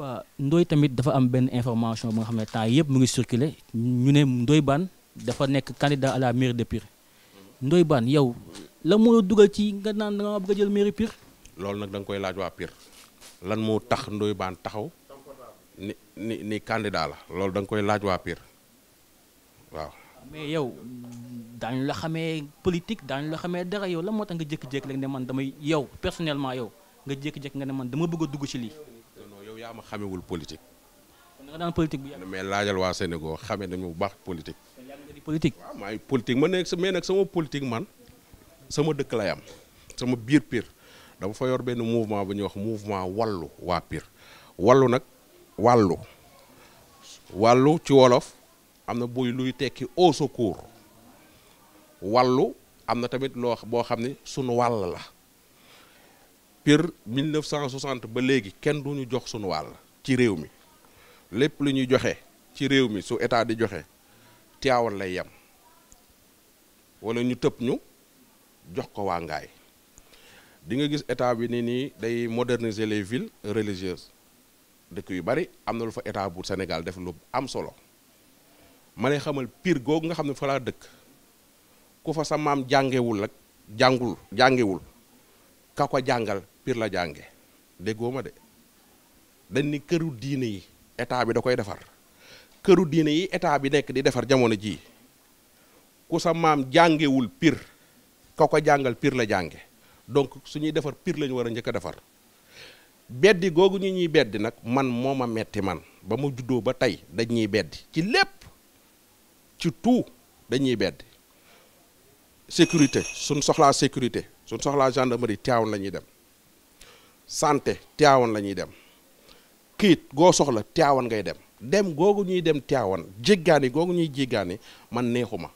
waaw ndooy tamit dafa am benn information bu nga xam ne temps yëpp mu ngi circulé ñu ne Ndoye Bane dafa nekk candidat à la mairie de Pire Ndoye Bane yow la moo dugal ci nga naan nga jël mairie Pire. loolu nag da koy laaj waa lan moo tax Ndoye Bane taxaw ni ni ni la loolu da nga koy laaj waa Pire waaw. mais yow daañu la xamee politique daañu la xamee dara yow la moo tax nga jékki-jékki rek ne man damay yow personnellement yow nga jékki-jékki nga ne man dama bëgg dugg ci lii. yaa ma xamewul politique. kon nga bu yàgg mais laajal waa Sénégal xame nañu bu baax politique. politique waaw maay politique ma nekk mais nag sama politique man sama dëkk lay am sama biir Pire dama fa yor benn mouvement bu ñuy wax mouvement wallu waa Pire wallu nag wàllu wàllu ci wolof am na buy luy tekki au secours wallu am na tamit loo boo xam ne sunu wàll la. kër 1960 ba léegi kenn du ñu jox suñu wàll ci réew mi lépp lu ñuy joxe ci réew mi su état di joxe Tiwaawan lay yem wala ñu tëb ñu jox ko waa Ngaay di nga gis état bi ni nii day moderniser les villes religieuses dëkk yu bari am na lu fa état bu Sénégal def lu am solo ma lay xamal Pire googu nga xam ne fa dëkk ku fa sa maam jàngewul ak jàngul jàngewul ka ko jàngal piir la jànge déggoo ma de dañ ni këru diine yi état bi da koy defar këru diine yi état bi nekk di defar jamono jii ku sa maam jàngewul piir ka ko jàngal piir la jànge donc su ñuy defar piir la war a njëkk a defar beddi googu ñu ñuy beddi nag man moom a metti man ba mu juddoo ba tey dañ ñuy beddi ci lépp ci tout dañuy beddi sécurité suñ soxlaa sécurité sun soxlaa gendarmerie Tivaouane la ñuy dem sante Tiwaawan la ñuy dem kiit goo soxla Tiwaawan ngay dem dem googu ñuy dem Tiwaawan jéggaani googu ñuy jéggaani man neexu ma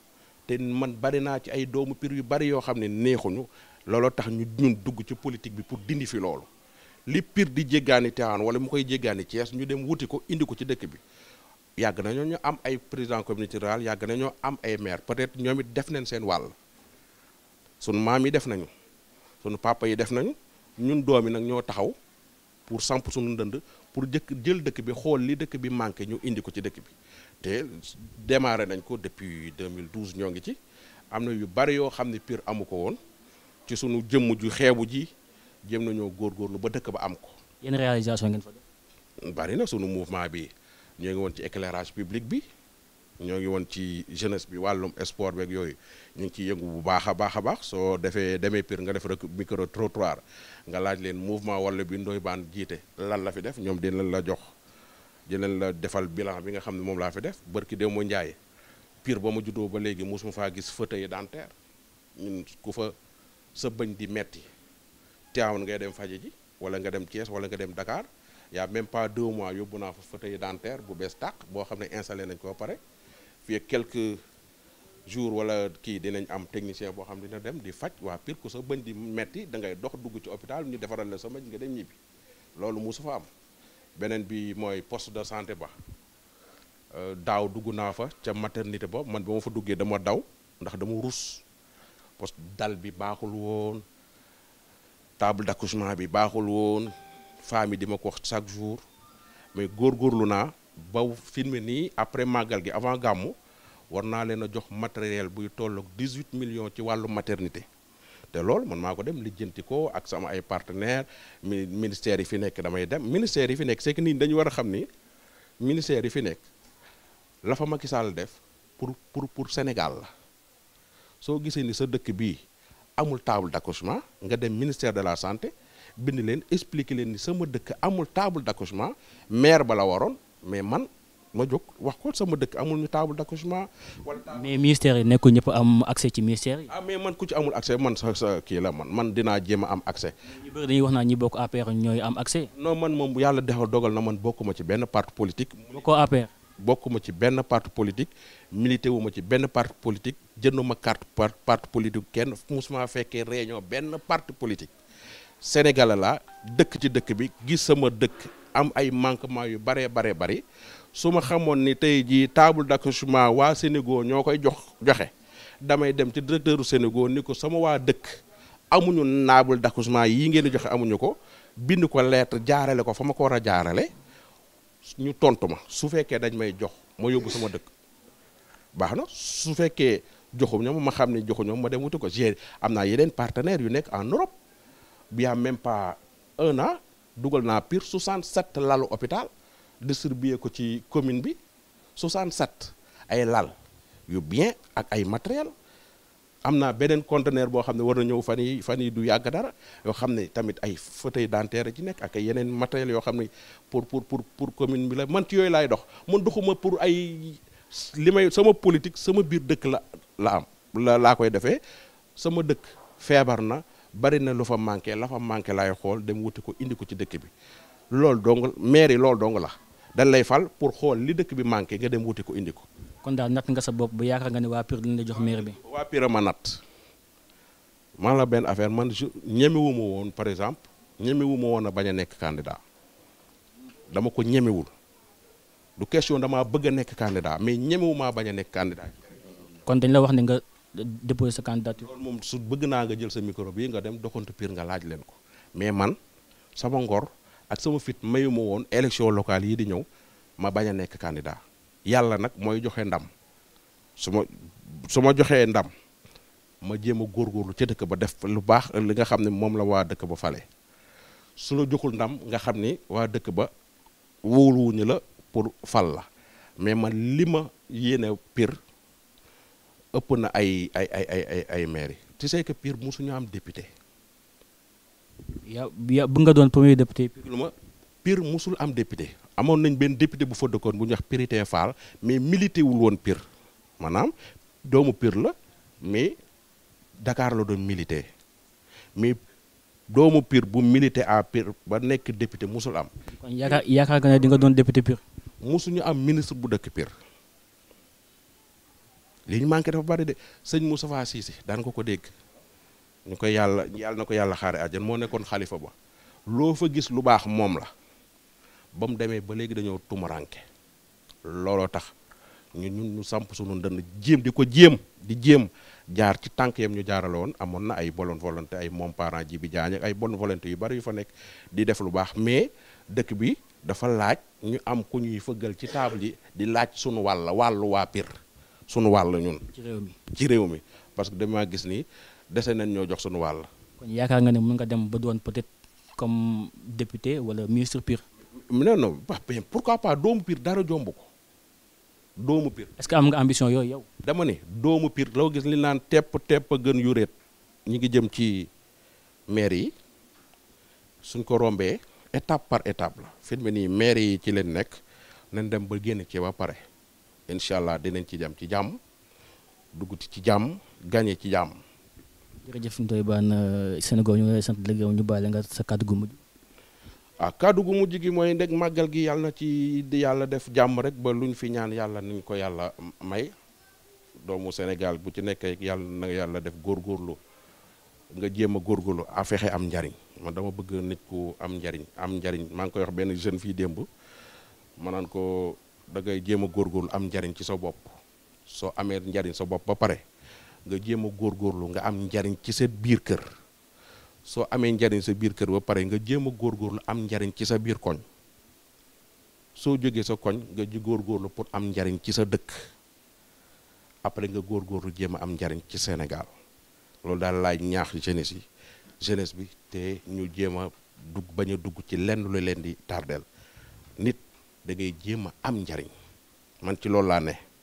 te man bari naa ci ay doomu Pire yu bari yoo xam ne neexuñu looloo tax ñu ñun dugg ci politique bi pour dindi fi loolu li Pire di jéggaani Tiwaawan wala mu koy jéggaani Thiès ñu dem wuti ko indi ko ci dëkk bi yàgg nañoo ñoo ñu am ay président communauté rurale yàgg nañoo am ay maire peut-être ñoom it def nañ seen wàll sunu maam yi def nañu sunu papa yi def nañu. ñun doom yi nag ñoo taxaw pour samp suñu ndënd pour jëkk jël dëkk bi xool li dëkk bi manqué ñu indi ko ci dëkk bi te démarré nañ ko depuis 2012 ñoo ngi ci am na yu bari yoo xam ne piir amu ko woon ci sunu jëmm ju xeebu ji jëm nañoo góorgóorlu ba dëkk ba am ko. yenn réalisation ngeen bari na sunu mouvement bi ñoo ngi woon ci éclairage public bi. ñoo ngi woon ci jeunesse bi wàllum sport beek yooyu ñu ngi ciy yëngu bu baax a baax a baax soo defee demee pire nga def rek micro trottoir nga laaj leen mouvement wala bi ndoy baan jiite lan la fi def ñoom dinañ la jox dinañ la defal bilan bi nga xam ne moom laa fi def barki démb Ndiaye piir ba ma juddoo ba léegi mosuma faa gis fauteuil dentaire ñun ku fa sa bëñ di metti teewoon ngay dem faje ji wala nga dem Thiès wala nga dem dakaar y même pas deux mois yóbbu naa fa fauteuil dentaire bu bees tàq boo xam ne installé nañ ko pare. fii quelque jour wala kii dinañ am technicien boo xam dina dem di faj waa pire ku sa bëñ di metti da ngay dox dugg ci hôpital ñu defaral la sa nga dem ñibbi loolu mosu fa am beneen bi mooy post de santé ba euh, daaw dugg naa fa ca maternité ba man ba ma fa duggee dama daw ndax dama rus parce dal bi baaxul woon table d'accouchement bi baaxul woon famille di ma ko chaque jour mais góorlu naa ba filmer nii après màggal gi avant gàmmu war naa leen a jox matériel buy tolloog 18 millions ci wàllu maternité te loolu man maa ko dem lijjanti ko ak sama ay partenaires mi ministères yi fi nekk damay dem ministères yi fi nekk c'est que nii dañu war a xam ni ministères yi fi nekk la Macky Sall def pour pour pour Sénégal la soo gisee ni sa dëkk bii amul table d'accouchement nga dem ministère de la santé bind leen expliquer leen ni sama dëkk amul table d'accouchement maire ba la waroon. mais man ma jóg wax ko sama dëkk amul ñu table d'accouchement wala mais ministère yi nekkul ñëpp am accès ci ministère yi. ah man ku ci amul accès man sa kii la man man dinaa jéem am accès. ñu bëri dañuy wax naa ñi bokk APR ñooy am accès. non man moom yàlla defal dogal na man bokkuma ci benn parti politique. bokkoo APR. bokkuma ci benn parti politique milité wu ci benn parti politique jënduma carte parti politique kenn mu suma fekkee réunion benn parti politique Sénégal la dëkk ci dëkk bi gis sama dëkk. am ay manquement yu baree baree bari su ma xamoon ni tey jii table d'accouchement waa Sénégal ñoo koy jox joxe damay dem ci directeur u ni ko sama waa dëkk amuñu table d'accouchement yii ngeen di joxe amuñu ko bind ko lettre jaarale ko fa ma ko war a jaarale ñu tontu ma su fekkee dañ may jox ma yóbbu sama dëkk baax na su fekkee joxu ñoom ma xam ne joxu ñoom ma dem wuti ko j'ai am naa yeneen partenaires yu nekk en Europe bi am même pas un dugal naa Pire 67 lalu hôpital distribué ko ci commune bi 67 ay lal yu bien ak ay matériel am naa beneen conteneur boo xam ne war na ñëw fan yi fan yi du yàgg dara yoo xam ne tamit ay fauteuil dentaire ci nekk ak yeneen matériel yoo xam ne pour pour pour pour commune bi la man ci yooyu laay dox man doxuma pour ay li may sama politique sama biir dëkk la la am la laa koy defee sama dëkk feebar na bari na lu fa manqué la fa manqué laay xool dem wuti ko indi ko ci dëkk bi loolu dong maire yi loolu dong la dañ lay fal pour xool li dëkk bi manqué nga dem wuti ko indi ko. kon daal natt nga sa bopp bu yaakaar nga ne waa Pire dina la jox maire bi. waa Pire ma nat man la benn affaire man je ñemewuma woon par exemple ñemewuma woon a bañ a nekk candidat dama ko ñemewul du question damaa bëgg a nekk candidat mais ñemewumaa bañ a nekk candidat. kon dañ la wax ne déposer sa candidature. loolu moom su bëgg naa nga jël sa micro bi nga dem doxantu pire nga laaj leen ko mais man sama ngor ak sama fit mayuma woon élection locale yi di ñëw ma bañ a nekk candidat yàlla nag mooy joxe ndam su ma su ma joxee ndam ma jéem a góorgóorlu ca dëkk ba def lu baax li nga xam ne moom la waa dëkk ba fale su la joxul ndam nga xam ni waa dëkk ba wóoluwuñu la pour fal la mais man li ma yéene pire ëpp na ay ay ay ay ay ay maires yi tu sais am député. ya bu nga doon premier député. lu ma Pire musul am député amoon nañ benn député bu fa dëkkoon bu ñuy wax Pirité Fall mais milité wul woon Pire maanaam doomu piir la mais dakaar la doon milité mais. doomu Pire bu milité à Pire ba nekk député musul am. kon yaakaar yaakaar nga ne di nga doon député Pire. musuñu am ministre bu dëkk piir li ñu manqué dafa bari de sëñ Moustapha Cissé daan ko ko dégg ñu koy yàlla yàlla na ko yàlla xaare àjjan moo nekkoon xalifa ba loo fa gis lu baax moom la ba mu demee ba léegi dañoo tumuranke looloo tax ñu ñun samp sunu ndënd jéem di ko jéem di jéem jaar ci tànk yam ñu jaarale woon amoon na ay bonne volonté ay moom parent ji bi jaañ ay bonne volonté yu bari yu fa nekk di def lu baax mais dëkk bi dafa laaj ñu am ku ñuy fëggal ci table yi di laaj sunu wàll wàllu waa Pire sunu la ñun. ci réew mi ci réew mi parce que damaa gis ni dese nañ ñoo jox sunu wàll. kon yaakaar nga ne mën nga dem ba doon peut-être comme député wala ministre piir Pire. non pour pourquoi pas doomu Pire dara jomb ko doomu piir est-ce que am nga ambition yooyu yow. dama ne doomu Pire loo gis ni naan tepp tepp a gën yu réet ñi ngi jëm ci maire yi suñ ko rombee étape par étape la fi nii maire yi ci leen nekk nañ dem ba génn ci ba pare. incha allah dinañ ci dem ci jàmm dugguti ci jàmm gagné ci jàmm. jërëjëf Ndoye Bane euh, Sénégal ñu ngi sant di ñu nga sa kàddu gu mujj. Ah, kàddu gu mujj gi mooy ndeg màggal gi yàlla na ci di yàlla def jàmm rek ba lu ñu fi ñaan yàlla nañ ko yàlla may doomu Sénégal bu ci nekkee yàlla na yàlla def góor góorlu nga jéem a góorgóorlu a am njariñ ma dama bëgg nit ku am njariñ am njariñ maa ngi koy wax benn jeune fii démb ma naan ko. da ngay jéem a góorgóorlu am njariñ ci sa bopp soo amee njariñ sa bopp ba pare nga jéem a góorgóorlu nga am njariñ ci sa biir kër soo amee njariñ sa biir kër ba pare nga jéem a góorgóorlu am njariñ ci sa biir koñ soo jógee sa koñ nga ji góorlu pour am njariñ ci sa dëkk après nga góorgóorlu jéem a am njariñ ci senegal loolu daal laay ñaax jeunesse yi genes bi te ñu jéem a dugg bañ a dugg ci lenn lu leen di tardeel nit da ngay jéem a am njariñ man ci loolu laa ne